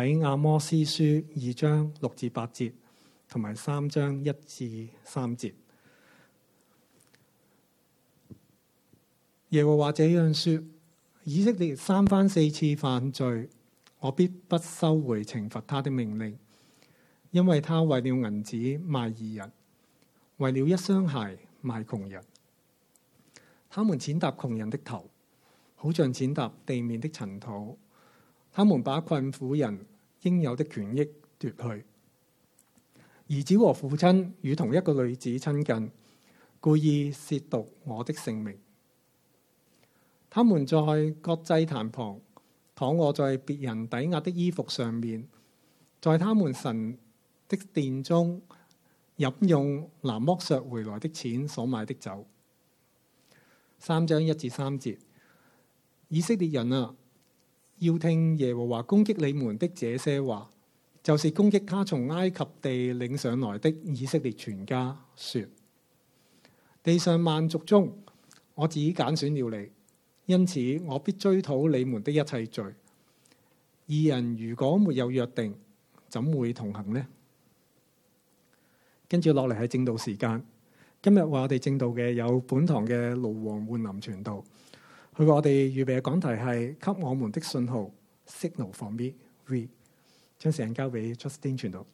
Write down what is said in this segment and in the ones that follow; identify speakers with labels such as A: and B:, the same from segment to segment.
A: 喺阿摩斯書二章六至八節，同埋三章一至三節，耶和華這樣說：以色列三番四次犯罪，我必不收回懲罰他的命令，因為他為了銀子賣義人，為了一雙鞋賣窮人，他們踐踏窮人的頭，好像踐踏地面的塵土，他們把困苦人。應有的權益奪去。兒子和父親與同一個女子親近，故意褻瀆我的聖名。他們在各祭壇旁躺卧在別人抵押的衣服上面，在他們神的殿中飲用拿剝削回來的錢所買的酒。三章一至三節，以色列人啊！要聽耶和華攻擊你們的這些話，就是攻擊他從埃及地領上來的以色列全家說：地上萬族中，我只揀選了你，因此我必追討你們的一切罪。二人如果沒有約定，怎會同行呢？跟住落嚟係正道時間，今日話我哋正道嘅有本堂嘅盧王煥林傳道。佢話我哋預備嘅講題係給我們的信號 signal for me，將時間交俾 Justin 傳道，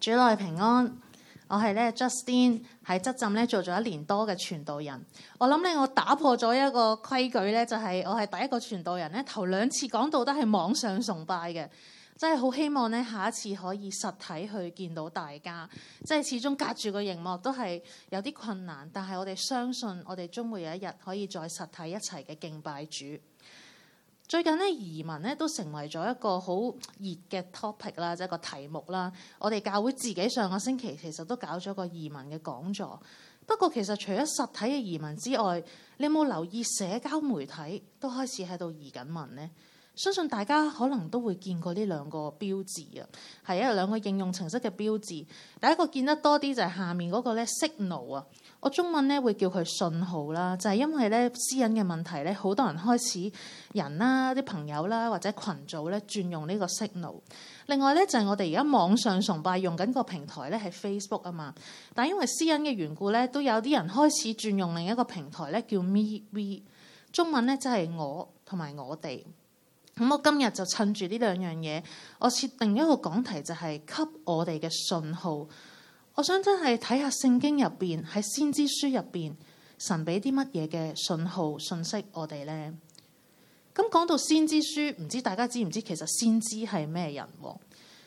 B: 主內平安。我係咧 Justin 喺執站咧做咗一年多嘅傳道人，我諗咧我打破咗一個規矩咧，就係、是、我係第一個傳道人咧，頭兩次講道都係網上崇拜嘅，真係好希望咧下一次可以實體去見到大家，即係始終隔住個熒幕都係有啲困難，但係我哋相信我哋終會有一日可以再實體一齊嘅敬拜主。最近咧移民咧都成為咗一個好熱嘅 topic 啦，即係個題目啦。我哋教會自己上個星期其實都搞咗個移民嘅講座。不過其實除咗實體嘅移民之外，你有冇留意社交媒體都開始喺度移緊民呢？相信大家可能都會見過呢兩個標誌啊，係因為兩個應用程式嘅標誌。第一個見得多啲就係下面嗰個咧 Signal 啊。我中文咧會叫佢信號啦，就係、是、因為咧私隱嘅問題咧，好多人開始人啦、啊、啲朋友啦、啊、或者群組咧轉用呢個 signal。另外咧就係、是、我哋而家網上崇拜用緊個平台咧係 Facebook 啊嘛，但係因為私隱嘅緣故咧，都有啲人開始轉用另一個平台咧叫 Me We。中文咧即係我同埋我哋。咁、嗯、我今日就趁住呢兩樣嘢，我設定一個講題就係給我哋嘅信號。我想真係睇下聖經入邊，喺先知書入邊神俾啲乜嘢嘅信號、信息我哋呢？咁、嗯、講到先知書，唔知大家知唔知其實先知係咩人、啊？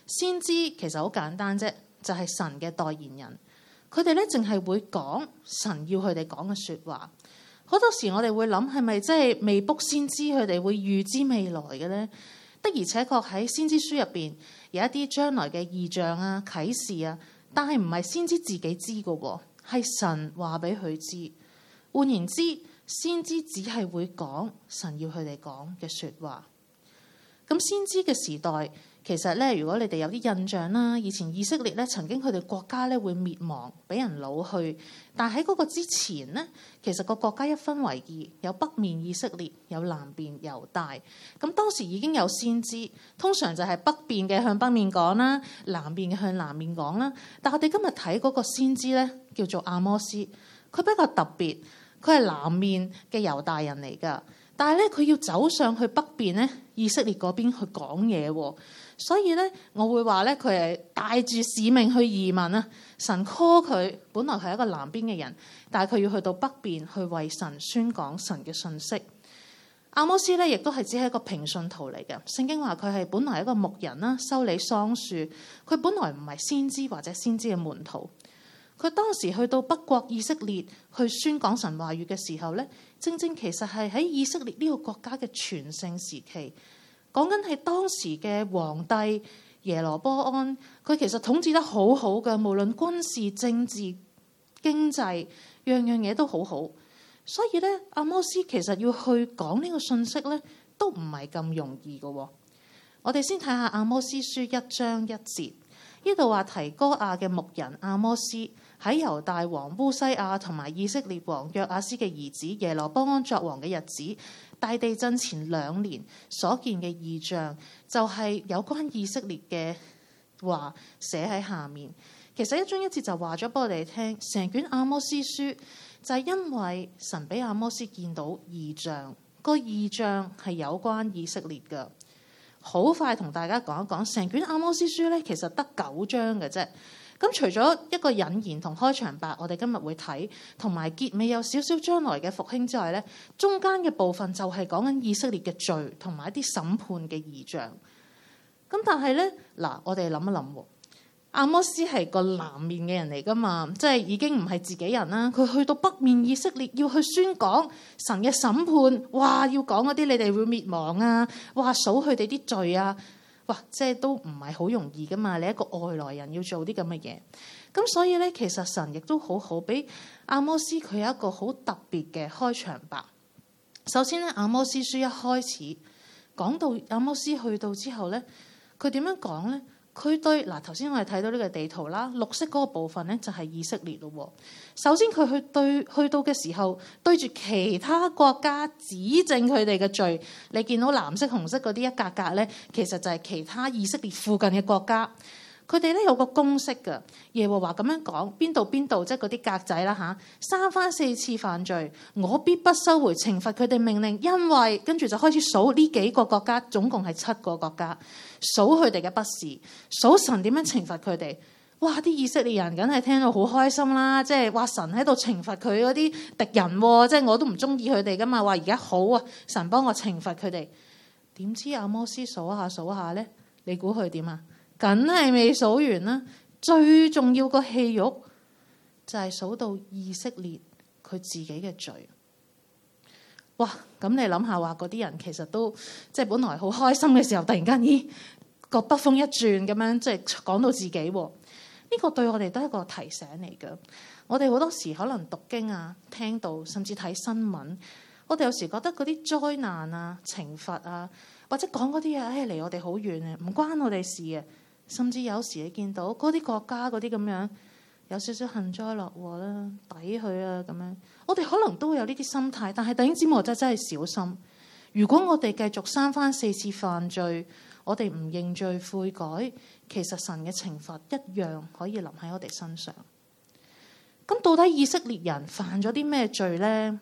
B: 先知其實好簡單啫，就係、是、神嘅代言人。佢哋咧淨係會講神要佢哋講嘅說話。好多時我哋會諗係咪即係未卜先知，佢哋會預知未來嘅呢？的而且確喺先知書入邊有一啲將來嘅異象啊、啟示啊。但係唔係先知自己知嘅喎，係神話俾佢知。換言之，先知只係會講神要佢哋講嘅說話。咁先知嘅時代。其實咧，如果你哋有啲印象啦，以前以色列咧曾經佢哋國家咧會滅亡，俾人老去。但喺嗰個之前呢，其實個國家一分為二，有北面以色列，有南邊猶大。咁當時已經有先知，通常就係北邊嘅向北面講啦，南邊嘅向南面講啦。但我哋今日睇嗰個先知咧，叫做阿摩斯，佢比較特別，佢係南面嘅猶大人嚟㗎。但係咧，佢要走上去北邊咧，以色列嗰邊去講嘢，所以咧，我會話咧，佢係帶住使命去移民啦。神 call 佢，本來係一個南邊嘅人，但係佢要去到北邊去為神宣講神嘅信息。阿摩斯咧，亦都係只係一個平信徒嚟嘅。聖經話佢係本來係一個牧人啦，修理桑樹。佢本來唔係先知或者先知嘅門徒。佢當時去到北國以色列去宣講神話語嘅時候咧，正正其實係喺以色列呢個國家嘅全盛時期，講緊係當時嘅皇帝耶羅波安，佢其實統治得好好嘅，無論軍事、政治、經濟，樣樣嘢都好好。所以咧，阿摩斯其實要去講呢個信息咧，都唔係咁容易嘅哦。我哋先睇下《阿摩斯書》一章一節，呢度話提哥亞嘅牧人阿摩斯。喺猶大王烏西亞同埋以色列王約阿斯嘅兒子耶羅波安作王嘅日子，大地震前兩年所見嘅異象，就係有關以色列嘅話寫喺下面。其實一章一節就話咗俾我哋聽，成卷阿摩斯書就係因為神俾阿摩斯見到異象，個異象係有關以色列㗎。好快同大家講一講，成卷阿摩斯書咧，其實得九章嘅啫。咁、嗯、除咗一個引言同開場白，我哋今日會睇，同埋結尾有少少將來嘅復興之外咧，中間嘅部分就係講緊以色列嘅罪同埋一啲審判嘅異象。咁、嗯、但係咧，嗱，我哋諗一諗，阿摩斯係個南面嘅人嚟㗎嘛，即係已經唔係自己人啦。佢去到北面以色列，要去宣講神嘅審判，哇，要講嗰啲你哋會滅亡啊，哇，數佢哋啲罪啊！哇！即係都唔係好容易㗎嘛，你一個外來人要做啲咁嘅嘢，咁所以咧，其實神亦都好好，俾阿摩斯佢有一個好特別嘅開場白。首先咧，阿摩斯書一開始講到阿摩斯去到之後咧，佢點樣講咧？佢對嗱，頭先我哋睇到呢個地圖啦，綠色嗰個部分呢就係以色列咯。首先佢去對去到嘅時候，對住其他國家指證佢哋嘅罪。你見到藍色、紅色嗰啲一格格呢，其實就係其他以色列附近嘅國家。佢哋咧有個公式嘅，耶和華咁樣講：邊度邊度，即係嗰啲格仔啦嚇，三番四次犯罪，我必不收回懲罰佢哋命令，因為跟住就開始數呢幾個國家，總共係七個國家，數佢哋嘅不是，數神點樣懲罰佢哋。哇！啲以色列人梗係聽到好開心啦，即係話神喺度懲罰佢嗰啲敵人，即係我都唔中意佢哋噶嘛，話而家好啊，神幫我懲罰佢哋。點知阿摩斯數下數下咧，你估佢點啊？梗係未數完啦！最重要個戲肉就係、是、數到以色列佢自己嘅罪。哇！咁你諗下話，嗰啲人其實都即係本來好開心嘅時候，突然間咦個北風一轉咁樣，即係講到自己喎。呢、這個對我哋都係一個提醒嚟嘅。我哋好多時可能讀經啊、聽到甚至睇新聞，我哋有時覺得嗰啲災難啊、懲罰啊，或者講嗰啲嘢，唉，離我哋好遠啊，唔關我哋事啊。甚至有時你見到嗰啲國家嗰啲咁樣有少少幸災樂禍啦、啊，抵佢啊咁樣，我哋可能都會有呢啲心態，但係弟兄姊妹就真係小心。如果我哋繼續三番四次犯罪，我哋唔認罪悔改，其實神嘅懲罰一樣可以臨喺我哋身上。咁到底以色列人犯咗啲咩罪呢？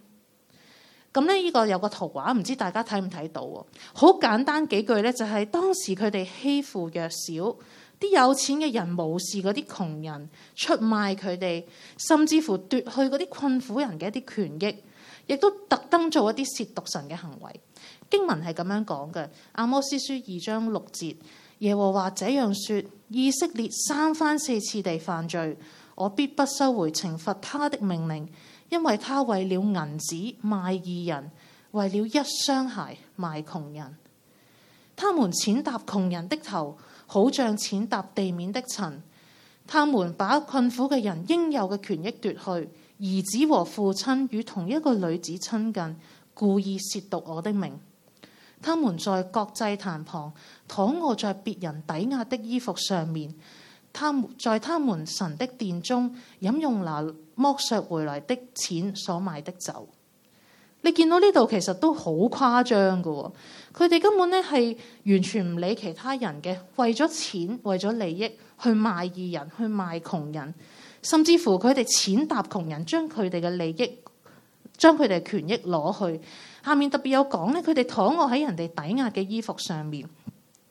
B: 咁呢，呢個有個圖畫，唔知大家睇唔睇到喎？好簡單幾句呢，就係、是、當時佢哋欺負弱小，啲有錢嘅人無視嗰啲窮人，出賣佢哋，甚至乎奪去嗰啲困苦人嘅一啲權益，亦都特登做一啲褻瀆神嘅行為。經文係咁樣講嘅，《阿摩斯書》二章六節，耶和華這樣説：以色列三番四次地犯罪，我必不收回懲罰他的命令。因為他為了銀子賣義人，為了一雙鞋賣窮人，他們踐踏窮人的頭，好像踐踏地面的塵。他們把困苦嘅人應有嘅權益奪去，兒子和父親與同一個女子親近，故意褻瀆我的名。他們在國際壇旁躺臥在別人抵押的衣服上面。他們在他們神的殿中飲用那剝削回來的錢所買的酒，你見到呢度其實都好誇張噶，佢哋根本咧係完全唔理其他人嘅，為咗錢、為咗利益去賣義人、去賣窮人，甚至乎佢哋踐踏窮人，將佢哋嘅利益、將佢哋權益攞去。下面特別有講咧，佢哋躺臥喺人哋抵押嘅衣服上面。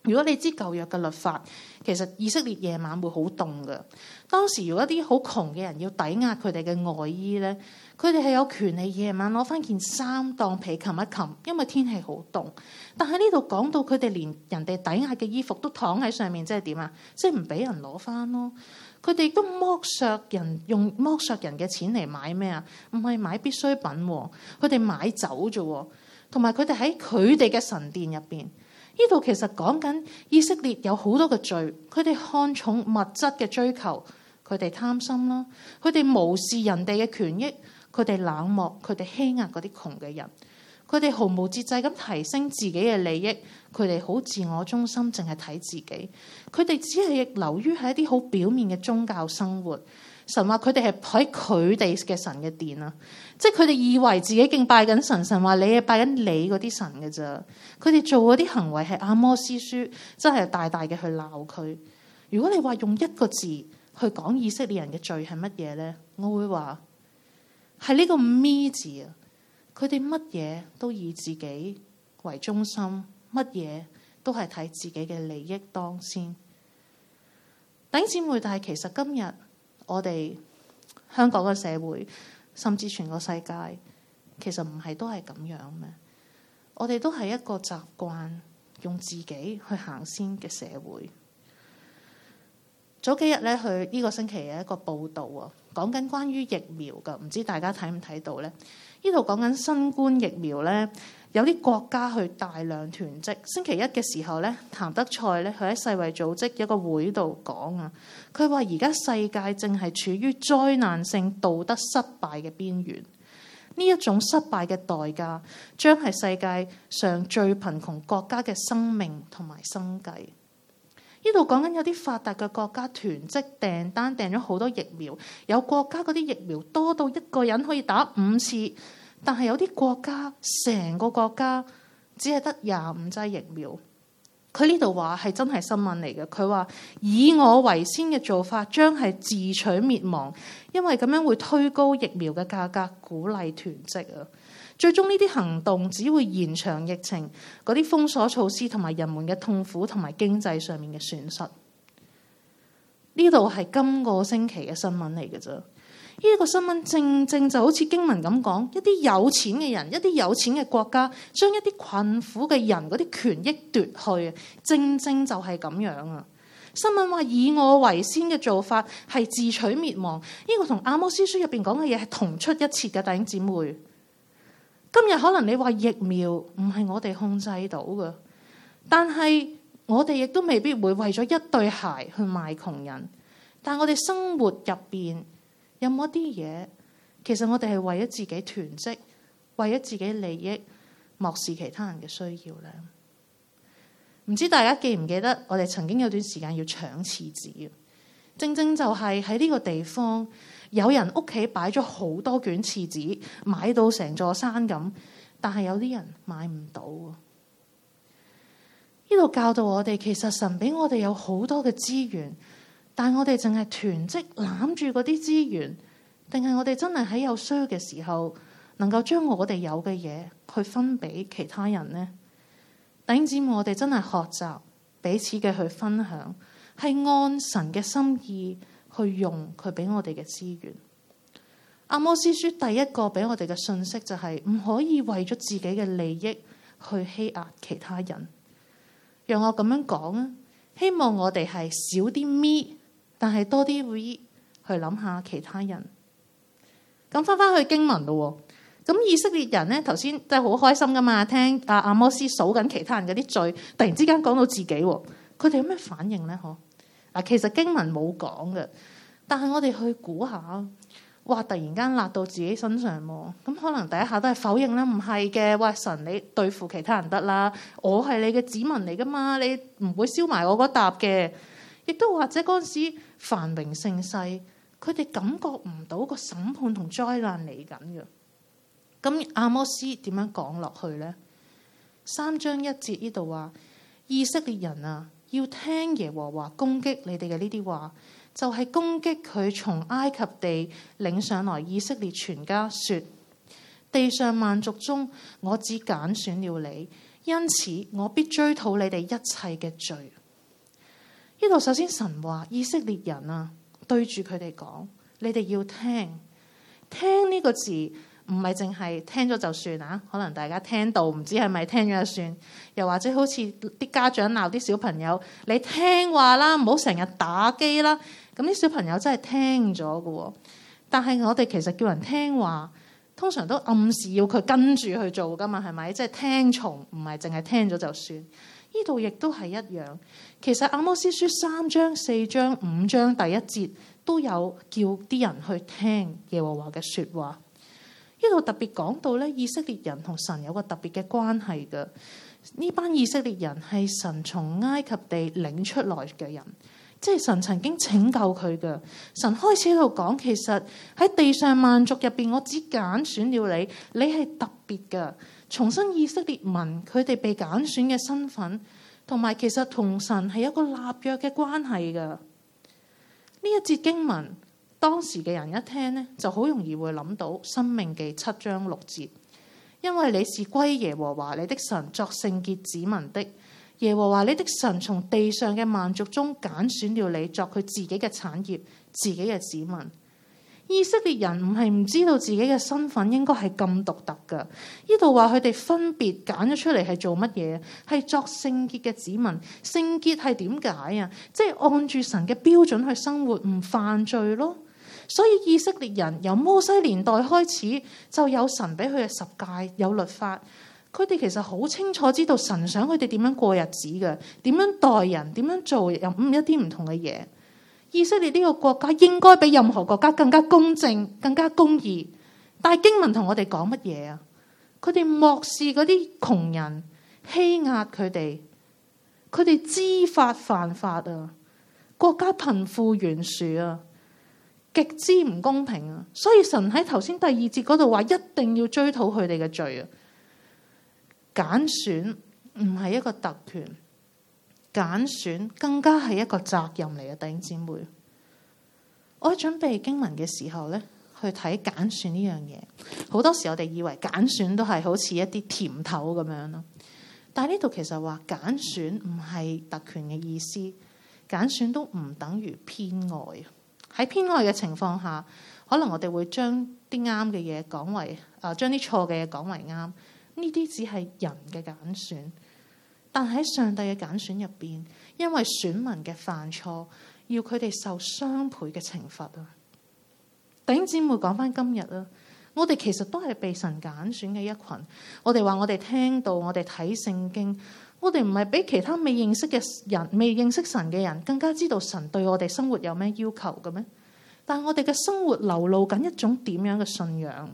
B: 如果你知舊約嘅律法，其實以色列夜晚會好凍嘅。當時如果啲好窮嘅人要抵押佢哋嘅外衣咧，佢哋係有權利夜晚攞翻件衫當被冚一冚，因為天氣好凍。但係呢度講到佢哋連人哋抵押嘅衣服都躺喺上面，即係點啊？即係唔俾人攞翻咯。佢哋都剝削人，用剝削人嘅錢嚟買咩啊？唔係買必需品喎，佢哋買酒啫。同埋佢哋喺佢哋嘅神殿入邊。呢度其實講緊以色列有好多嘅罪，佢哋看重物質嘅追求，佢哋貪心啦，佢哋無視人哋嘅權益，佢哋冷漠，佢哋欺壓嗰啲窮嘅人，佢哋毫無節制咁提升自己嘅利益，佢哋好自我中心，淨係睇自己，佢哋只係流於喺一啲好表面嘅宗教生活。神話佢哋係喺佢哋嘅神嘅殿啊，即係佢哋以為自己敬拜緊神。神話你係拜緊你嗰啲神嘅咋。佢哋做嗰啲行為係阿摩司書真係大大嘅去鬧佢。如果你話用一個字去講以色列人嘅罪係乜嘢咧，我會話係呢個咪字啊！佢哋乜嘢都以自己為中心，乜嘢都係睇自己嘅利益當先。頂姊妹，但係其實今日。我哋香港嘅社會，甚至全個世界，其實唔係都係咁樣咩？我哋都係一個習慣用自己去行先嘅社會。早幾日咧，佢呢個星期有一個報導啊，講緊關於疫苗嘅，唔知大家睇唔睇到呢？呢度講緊新冠疫苗咧，有啲國家去大量囤積。星期一嘅時候咧，譚德塞咧，佢喺世衛組織一個會度講啊，佢話而家世界正係處於災難性道德失敗嘅邊緣，呢一種失敗嘅代價，將係世界上最貧窮國家嘅生命同埋生計。呢度講緊有啲發達嘅國家囤積訂單，訂咗好多疫苗。有國家嗰啲疫苗多到一個人可以打五次，但係有啲國家成個國家只係得廿五劑疫苗。佢呢度話係真係新聞嚟嘅，佢話以我為先嘅做法將係自取滅亡，因為咁樣會推高疫苗嘅價格，鼓勵囤積啊。最終呢啲行動只會延長疫情嗰啲封鎖措施，同埋人們嘅痛苦同埋經濟上面嘅損失。呢度係今個星期嘅新聞嚟嘅啫。呢個新聞正，正正就好似經文咁講：一啲有錢嘅人，一啲有錢嘅國家，將一啲困苦嘅人嗰啲權益奪去，正正就係咁樣啊！新聞話以我為先嘅做法係自取滅亡。呢個同阿摩斯書入邊講嘅嘢係同出一轍嘅，弟兄姊妹。今日可能你話疫苗唔係我哋控制到㗎，但係我哋亦都未必會為咗一對鞋，去賣窮人。但我哋生活入邊有冇一啲嘢，其實我哋係為咗自己囤積，為咗自己利益，漠視其他人嘅需要呢？唔知大家記唔記得我哋曾經有段時間要搶廁紙，正正就係喺呢個地方。有人屋企擺咗好多卷廁紙，買到成座山咁，但係有啲人買唔到。呢度教導我哋，其實神俾我哋有好多嘅資源，但係我哋淨係囤積攬住嗰啲資源，定係我哋真係喺有需要嘅時候，能夠將我哋有嘅嘢去分俾其他人呢？等於，我哋真係學習彼此嘅去分享，係按神嘅心意，去用佢俾我哋嘅資源。阿摩斯書第一個俾我哋嘅信息就係唔可以為咗自己嘅利益去欺壓其他人。讓我咁樣講啊，希望我哋係少啲 me，但係多啲 we 去諗下其他人。咁翻翻去經文咯，咁以色列人呢頭先真係好開心噶嘛，聽阿阿摩斯數緊其他人嗰啲罪，突然之間講到自己，佢哋有咩反應呢？嗬？嗱，其實經文冇講嘅，但係我哋去估下，哇！突然間辣到自己身上喎，咁可能第一下都係否認啦，唔係嘅，喂，神你對付其他人得啦，我係你嘅子民嚟噶嘛，你唔會燒埋我嗰笪嘅，亦都或者嗰陣時繁榮盛世，世，佢哋感覺唔到個審判同災難嚟緊嘅。咁阿摩斯點樣講落去咧？三章一節呢度話，以色列人啊！要聽耶和華攻擊你哋嘅呢啲話，就係、是、攻擊佢從埃及地領上來以色列全家說：地上萬族中，我只揀選了你，因此我必追討你哋一切嘅罪。呢度首先神話以色列人啊，對住佢哋講：你哋要聽，聽呢個字。唔係淨係聽咗就算啊！可能大家聽到唔知係咪聽咗就算，又或者好似啲家長鬧啲小朋友，你聽話啦，唔好成日打機啦。咁啲小朋友真係聽咗㗎，但係我哋其實叫人聽話，通常都暗示要佢跟住去做噶嘛，係咪？即係聽從，唔係淨係聽咗就算。呢度亦都係一樣。其實《阿摩斯書》三章、四章、五章第一節都有叫啲人去聽耶和華嘅説話。呢度特別講到咧，以色列人同神有個特別嘅關係嘅，呢班以色列人係神從埃及地領出來嘅人，即係神曾經拯救佢嘅。神開始喺度講，其實喺地上萬族入邊，我只揀選選了你，你係特別嘅。重申以色列民，佢哋被揀選嘅身份，同埋其實同神係有個立約嘅關係嘅。呢一節經文。當時嘅人一聽呢，就好容易會諗到《申命記》七章六節，因為你是歸耶和華你的神作聖潔子民的，耶和華你的神從地上嘅萬族中揀選了你作佢自己嘅產業、自己嘅子民。以色列人唔係唔知道自己嘅身份應該係咁獨特噶，呢度話佢哋分別揀咗出嚟係做乜嘢？係作聖潔嘅子民，聖潔係點解啊？即係按住神嘅標準去生活，唔犯罪咯。所以以色列人由摩西年代開始就有神俾佢嘅十誡，有律法，佢哋其實好清楚知道神想佢哋點樣過日子嘅，點樣待人，點樣做又唔一啲唔同嘅嘢。以色列呢個國家應該比任何國家更加公正、更加公義，但係經文同我哋講乜嘢啊？佢哋漠視嗰啲窮人，欺壓佢哋，佢哋知法犯法啊，國家貧富懸殊啊。極之唔公平啊！所以神喺頭先第二節嗰度話，一定要追討佢哋嘅罪啊！揀選唔係一個特權，揀選更加係一個責任嚟嘅，弟兄姊妹。我喺準備經文嘅時候呢，去睇揀選呢樣嘢。好多時我哋以為揀選都係好似一啲甜頭咁樣咯，但係呢度其實話揀選唔係特權嘅意思，揀選都唔等於偏愛。喺偏愛嘅情況下，可能我哋會將啲啱嘅嘢講為啊，將啲錯嘅嘢講為啱。呢啲只係人嘅揀選，但喺上帝嘅揀選入邊，因為選民嘅犯錯，要佢哋受雙倍嘅懲罰啊！頂姐妹講翻今日啦，我哋其實都係被神揀選嘅一群。我哋話我哋聽到，我哋睇聖經。我哋唔係比其他未認識嘅人，未認識神嘅人更加知道神對我哋生活有咩要求嘅咩？但係我哋嘅生活流露緊一種點樣嘅信仰？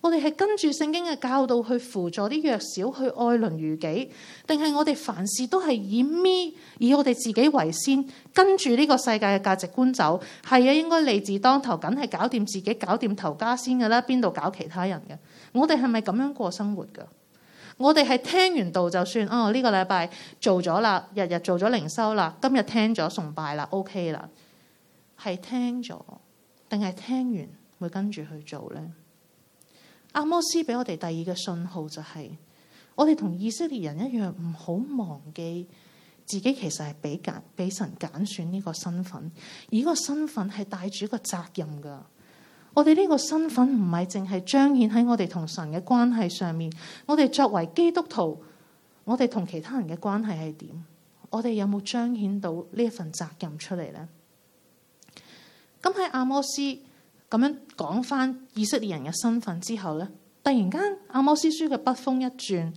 B: 我哋係跟住聖經嘅教導去輔助啲弱小去愛鄰如己，定係我哋凡事都係以咪以我哋自己為先，跟住呢個世界嘅價值觀走？係啊，應該利字當頭，梗係搞掂自己，搞掂頭家先噶啦，邊度搞其他人嘅？我哋係咪咁樣過生活噶？我哋係聽完道就算，哦呢、這個禮拜做咗啦，日日做咗靈修啦，今日聽咗崇拜啦，OK 啦，係聽咗定係聽完會跟住去做呢？阿摩斯俾我哋第二嘅信號就係、是，我哋同以色列人一樣，唔好忘記自己其實係俾揀俾神揀選呢個身份，而嗰個身份係帶住一個責任噶。我哋呢個身份唔係淨係彰顯喺我哋同神嘅關係上面。我哋作為基督徒，我哋同其他人嘅關係係點？我哋有冇彰顯到呢一份責任出嚟呢？咁喺阿摩斯咁樣講返以色列人嘅身份之後呢，突然間阿摩斯書嘅筆鋒一轉，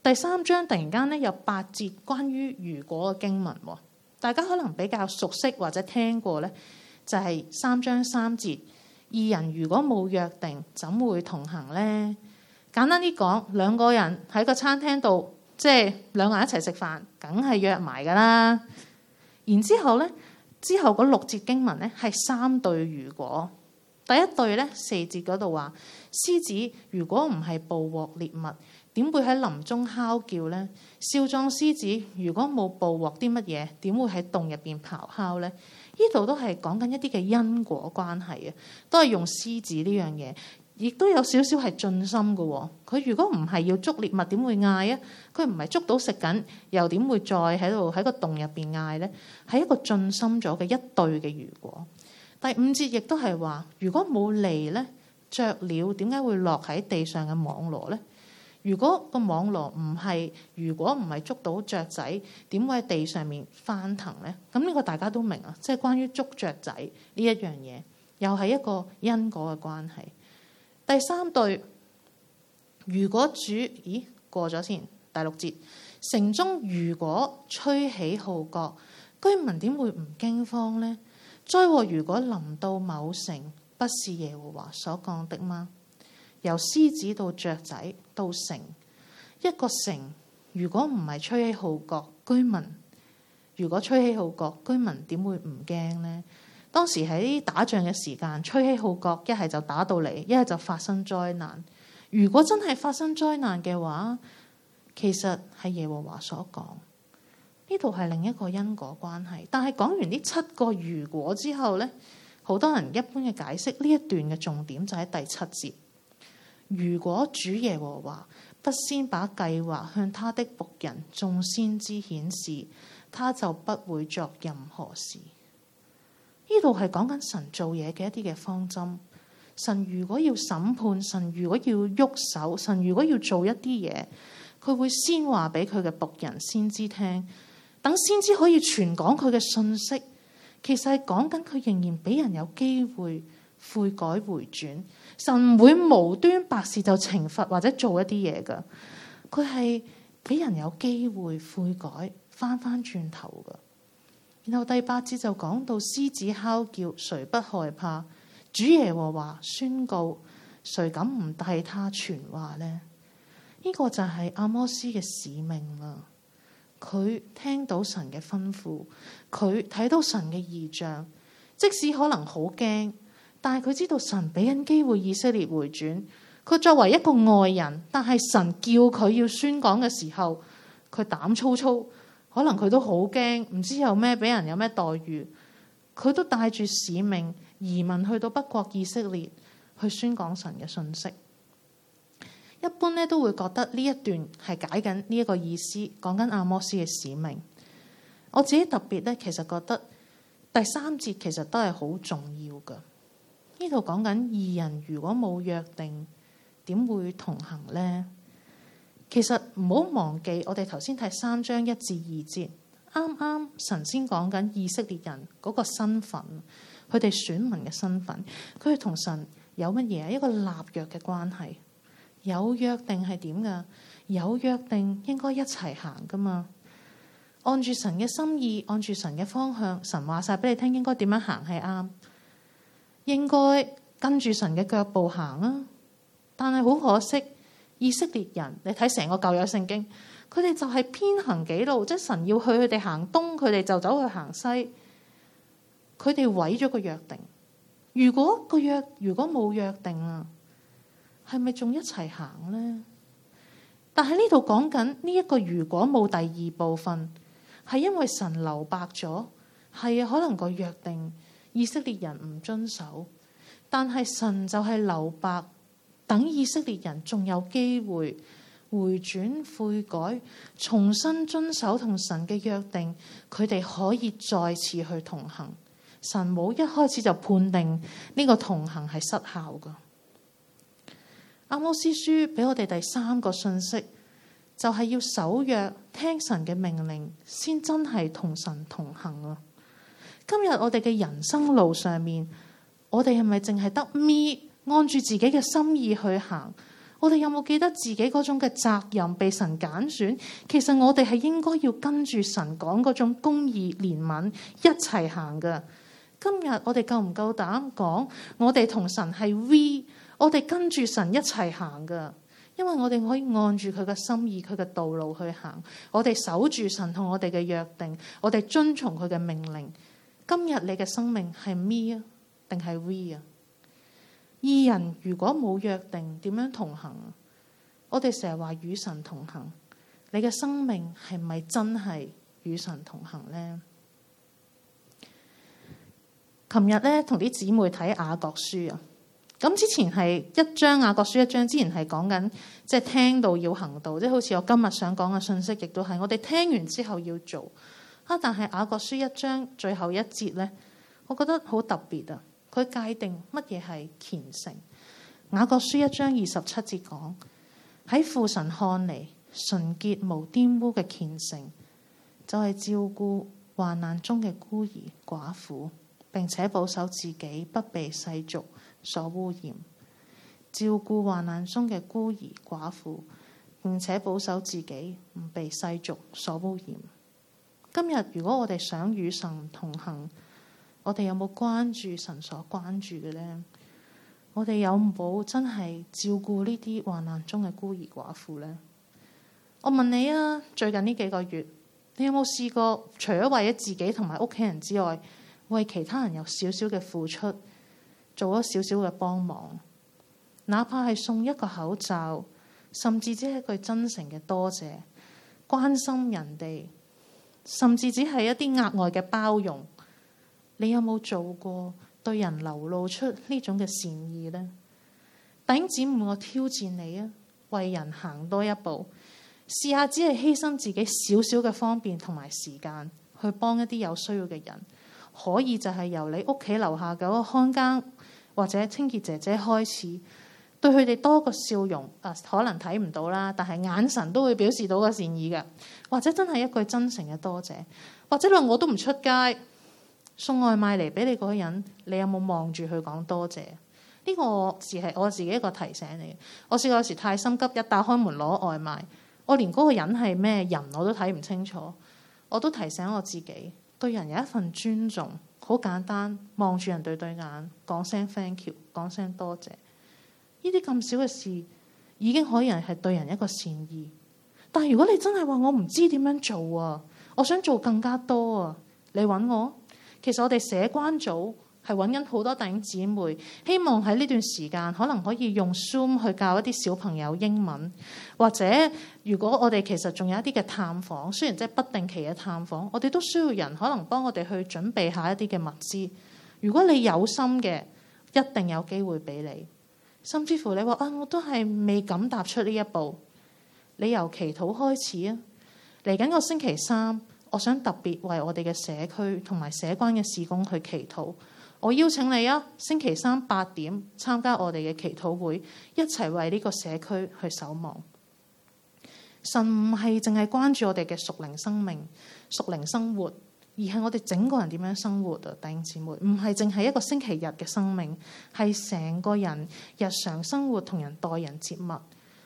B: 第三章突然間呢，有八節關於如果嘅經文，大家可能比較熟悉或者聽過呢，就係三章三節。二人如果冇約定，怎會同行呢？簡單啲講，兩個人喺個餐廳度，即係兩個人一齊食飯，梗係約埋㗎啦。然之後呢，之後嗰六節經文呢係三對如果，第一對呢四節嗰度話：獅子如果唔係捕獲獵物，點會喺林中哮叫呢？」「少壯獅子如果冇捕獲啲乜嘢，點會喺洞入邊咆哮呢？」呢度都係講緊一啲嘅因果關係啊，都係用獅子呢樣嘢，亦都有少少係盡心嘅。佢如果唔係要捉獵物，點會嗌啊？佢唔係捉到食緊，又點會再喺度喺個洞入邊嗌咧？係一個盡心咗嘅一對嘅如果。第五節亦都係話，如果冇嚟咧，雀鳥點解會落喺地上嘅網羅咧？如果個網羅唔係，如果唔係捉到雀仔，點會喺地上面翻騰呢？咁呢個大家都明啊，即係關於捉雀仔呢一樣嘢，又係一個因果嘅關係。第三對，如果主咦過咗先第六節，城中如果吹起號角，居民點會唔驚慌呢？災禍如果臨到某城，不是耶和華所講的嗎？由獅子到雀仔。到城一個城，如果唔係吹起號角，居民，如果吹起號角，居民點會唔驚呢？當時喺打仗嘅時間，吹起號角，一係就打到嚟，一係就發生災難。如果真係發生災難嘅話，其實係耶和華所講，呢度係另一個因果關係。但係講完呢七個如果之後呢，好多人一般嘅解釋，呢一段嘅重點就喺第七節。如果主耶和華不先把計劃向他的僕人眾先知顯示，他就不會作任何事。呢度係講緊神做嘢嘅一啲嘅方針。神如果要審判，神如果要喐手，神如果要做一啲嘢，佢會先話俾佢嘅僕人先知聽，等先知可以傳講佢嘅信息。其實係講緊佢仍然俾人有機會。悔改回轉，神唔會無端白事就懲罰或者做一啲嘢噶，佢係俾人有機會悔改，翻翻轉頭噶。然後第八節就講到獅子哮叫，誰不害怕？主耶和華宣告，誰敢唔替他傳話呢？呢、這個就係阿摩斯嘅使命啦。佢聽到神嘅吩咐，佢睇到神嘅異象，即使可能好驚。但係佢知道神俾緊機會以色列回轉。佢作為一個外人，但係神叫佢要宣講嘅時候，佢膽粗粗，可能佢都好驚，唔知有咩俾人有咩待遇。佢都帶住使命移民去到北國以色列去宣講神嘅信息。一般咧都會覺得呢一段係解緊呢一個意思，講緊阿摩斯嘅使命。我自己特別咧，其實覺得第三節其實都係好重要㗎。呢度講緊二人如果冇約定，點會同行呢？其實唔好忘記，我哋頭先睇三章一至二節，啱啱神先講緊以色列人嗰個身份，佢哋選民嘅身份，佢哋同神有乜嘢一個立約嘅關係？有約定係點㗎？有約定應該一齊行㗎嘛？按住神嘅心意，按住神嘅方向，神話晒畀你聽，應該點樣行係啱。應該跟住神嘅腳步行啊！但係好可惜，以色列人，你睇成個舊約聖經，佢哋就係偏行己路，即係神要去，佢哋行東，佢哋就走去行西，佢哋毀咗個約定。如果個約如果冇約定啊，係咪仲一齊行呢？但係呢度講緊呢一個如果冇第二部分，係因為神留白咗，係啊，可能個約定。以色列人唔遵守，但係神就係留白，等以色列人仲有機會回轉悔改，重新遵守同神嘅約定，佢哋可以再次去同行。神冇一開始就判定呢個同行係失效㗎。阿摩司書俾我哋第三個信息，就係、是、要守約聽神嘅命令，先真係同神同行。今日我哋嘅人生路上面，我哋係咪淨係得 me 按住自己嘅心意去行？我哋有冇記得自己嗰種嘅責任被神揀選？其實我哋係應該要跟住神講嗰種公義、憐憫一齊行嘅。今日我哋夠唔夠膽講？我哋同神係 V，我哋跟住神一齊行嘅，因為我哋可以按住佢嘅心意、佢嘅道路去行。我哋守住神同我哋嘅約定，我哋遵從佢嘅命令。今日你嘅生命係 me 啊，定係 we 啊？二人如果冇約定，點樣同行？我哋成日話與神同行，你嘅生命係咪真係與神同行呢？琴日咧，同啲姊妹睇雅各書啊。咁之前係一章雅各書一章，之前係講緊即係聽到要行到，即係好似我今日想講嘅信息，亦都係我哋聽完之後要做。但係雅各書一章最後一節呢，我覺得好特別啊！佢界定乜嘢係虔誠？雅各書一章二十七節講：喺父神看嚟，純潔無玷污嘅虔誠，就係照顧患難中嘅孤兒寡婦，並且保守自己不被世俗所污染；照顧患難中嘅孤兒寡婦，並且保守自己唔被世俗所污染。今日如果我哋想與神同行，我哋有冇關注神所關注嘅呢？我哋有冇真係照顧呢啲患難中嘅孤兒寡婦呢？我問你啊，最近呢幾個月，你有冇試過除咗為咗自己同埋屋企人之外，為其他人有少少嘅付出，做咗少少嘅幫忙？哪怕係送一個口罩，甚至只係一句真誠嘅多謝，關心人哋。甚至只係一啲額外嘅包容，你有冇做過對人流露出呢種嘅善意呢？咧？頂子，我挑戰你啊！為人行多一步，試下只係犧牲自己少少嘅方便同埋時間，去幫一啲有需要嘅人。可以就係由你屋企樓下嘅個看更或者清潔姐姐開始。對佢哋多個笑容，啊，可能睇唔到啦，但係眼神都會表示到個善意嘅，或者真係一句真誠嘅多謝，或者話我都唔出街送外賣嚟俾你嗰個人，你有冇望住佢講多謝？呢、這個字係我自己一個提醒你。我試過有時太心急，一打開門攞外賣，我連嗰個人係咩人我都睇唔清楚，我都提醒我自己對人有一份尊重，好簡單，望住人對對眼，講聲 Thank you，講聲多謝。呢啲咁少嘅事，已經可以人係對人一個善意。但係如果你真係話我唔知點樣做啊，我想做更加多啊，你揾我。其實我哋社關組係揾緊好多弟兄姊妹，希望喺呢段時間可能可以用 Zoom 去教一啲小朋友英文，或者如果我哋其實仲有一啲嘅探訪，雖然即係不定期嘅探訪，我哋都需要人可能幫我哋去準備一下一啲嘅物資。如果你有心嘅，一定有機會俾你。甚至乎你話啊，我都係未敢踏出呢一步。你由祈禱開始啊，嚟緊個星期三，我想特別為我哋嘅社區同埋社關嘅事工去祈禱。我邀請你啊，星期三八點參加我哋嘅祈禱會，一齊為呢個社區去守望。神唔係淨係關注我哋嘅屬靈生命，屬靈生活。而係我哋整個人點樣生活啊，弟兄姊妹，唔係淨係一個星期日嘅生命，係成個人日常生活同人待人接物。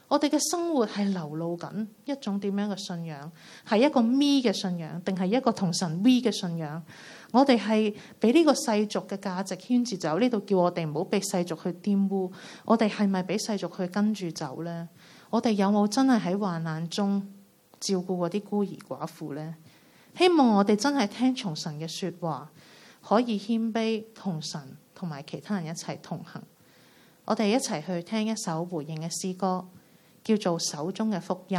B: 我哋嘅生活係流露緊一種點樣嘅信仰，係一個 me 嘅信仰，定係一個同神 we 嘅信仰？我哋係俾呢個世俗嘅價值牽住走呢度，叫我哋唔好被世俗去玷污。我哋係咪俾世俗去跟住走呢？我哋有冇真係喺患難中照顧過啲孤兒寡婦呢？希望我哋真係聽從神嘅說話，可以謙卑同神同埋其他人一齊同行。我哋一齊去聽一首回應嘅詩歌，叫做《手中嘅福音》。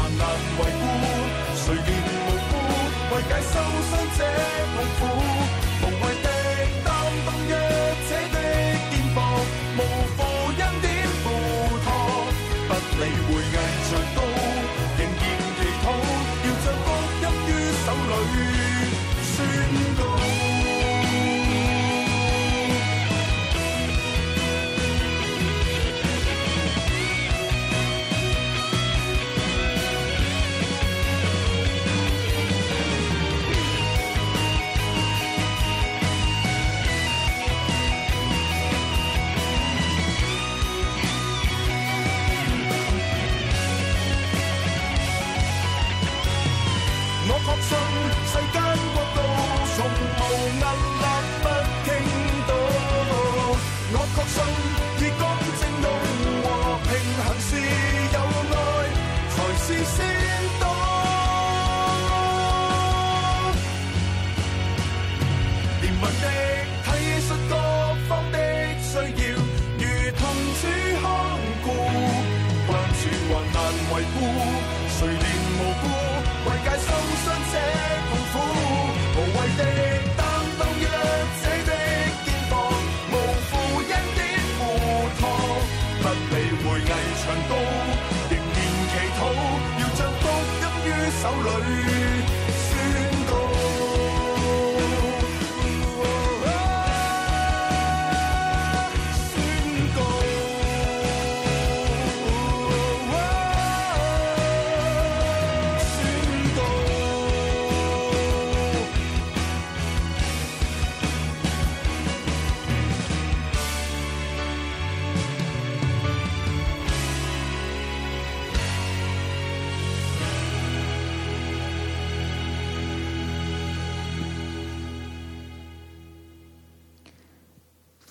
C: 難維護，誰憐無辜？為解修心者痛苦。的體恤各方的需要，如同處康顧，關注患難維護。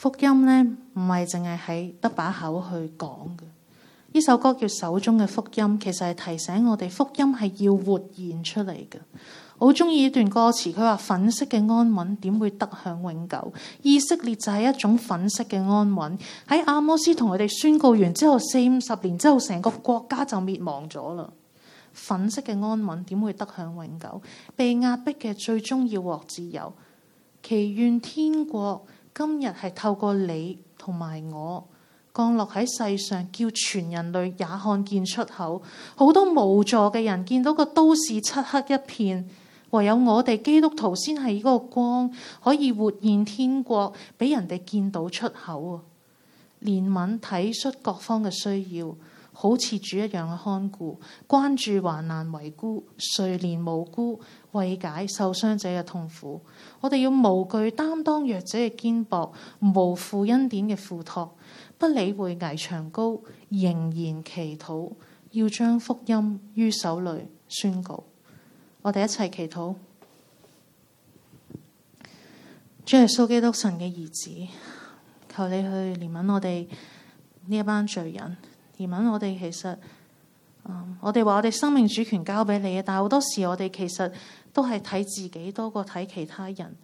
B: 福音呢，唔係淨係喺得把口去講嘅。呢首歌叫《手中嘅福音》，其實係提醒我哋福音係要活現出嚟嘅。好中意呢段歌詞，佢話粉飾嘅安穩點會得享永久？以色列就係一種粉飾嘅安穩，喺阿摩斯同佢哋宣告完之後，四五十年之後，成個國家就滅亡咗啦。粉飾嘅安穩點會得享永久？被壓迫嘅最終要獲自由，祈願天國。今日係透過你同埋我降落喺世上，叫全人類也看見出口。好多無助嘅人見到個都市漆黑一片，唯有我哋基督徒先係呢個光，可以活現天國，俾人哋見到出口。憐憫體恤各方嘅需要，好似主一樣嘅看顧，關注患難遺孤、碎裂無辜，慰解受傷者嘅痛苦，我哋要無懼擔當弱者嘅肩膊，無負恩典嘅付託，不理會危牆高，仍然祈禱，要將福音於手裏宣告。我哋一齊祈禱，主耶穌基督神嘅兒子，求你去憐憫我哋呢一班罪人，憐憫我哋其實。我哋話我哋生命主權交俾你啊，但係好多時我哋其實都係睇自己多過睇其他人。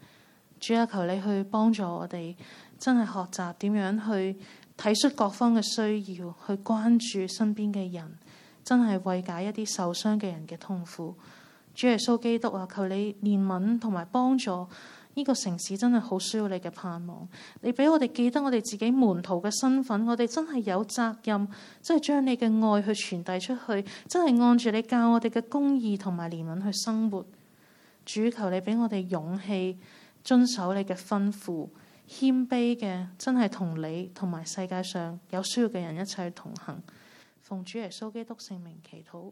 B: 主啊，求你去幫助我哋，真係學習點樣去體恤各方嘅需要，去關注身邊嘅人，真係慰解一啲受傷嘅人嘅痛苦。主耶穌基督啊，求你憐憫同埋幫助。呢個城市真係好需要你嘅盼望，你俾我哋記得我哋自己門徒嘅身份，我哋真係有責任，真係將你嘅愛去傳遞出去，真係按住你教我哋嘅公義同埋憐憫去生活。主求你俾我哋勇氣，遵守你嘅吩咐，謙卑嘅真係同你同埋世界上有需要嘅人一齊同行。奉主耶穌基督聖名祈禱。